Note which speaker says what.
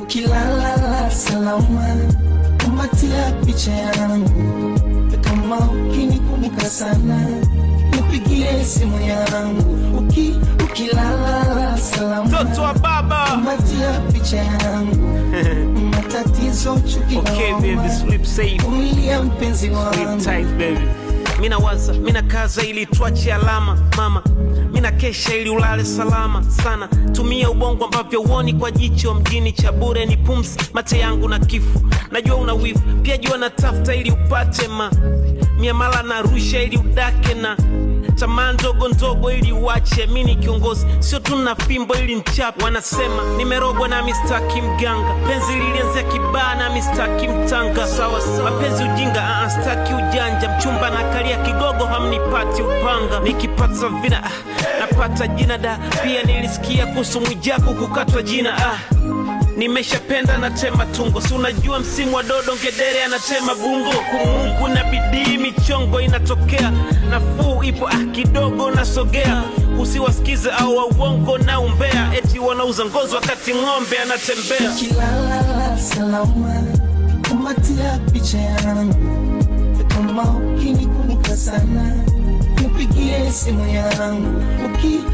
Speaker 1: ukilalala salama, kumatia picha yangu, kama ukinikumbuka sana, nipigie simu yangu. Uki, ukilala salama,
Speaker 2: mtoto wa baba,
Speaker 1: kumatia picha yangu matatizo chuki, umilia mpenzi wangu
Speaker 2: kwanza, mina kaza ili tuache alama mama, mina kesha ili ulale salama sana. Tumia ubongo ambavyo uoni kwa jicho mjini cha bure ni pumsi, mate yangu na kifu. Najua una wivu pia, jua na tafuta ili upate ma miamala na rusha ili udake na tamaa ndogo ndogo ili uache. Mi ni kiongozi, sio tu na fimbo ili nchape. Wanasema nimerogwa na mistaki mganga, penzi lilianzia kibaa na Mr. mtanga. Sawa sawa, mapenzi ujinga, staki ujanja, mchumba na kalia kigo hamnipati upanga, nikipata vina napata jina da. Pia nilisikia kuhusu Mwijaku kukatwa jina ah. Nimeshapenda natema tungo, si unajua msimu wa dodo, ngedere anatema bungo. Kumungu na bidii michongo inatokea, nafuu ipo ah, kidogo nasogea. Usiwasikize au wauongo na umbea, eti wanauza ngozi wakati ng'ombe anatembea. kumatia picha yangu, mauki ni sana esse manhã. O que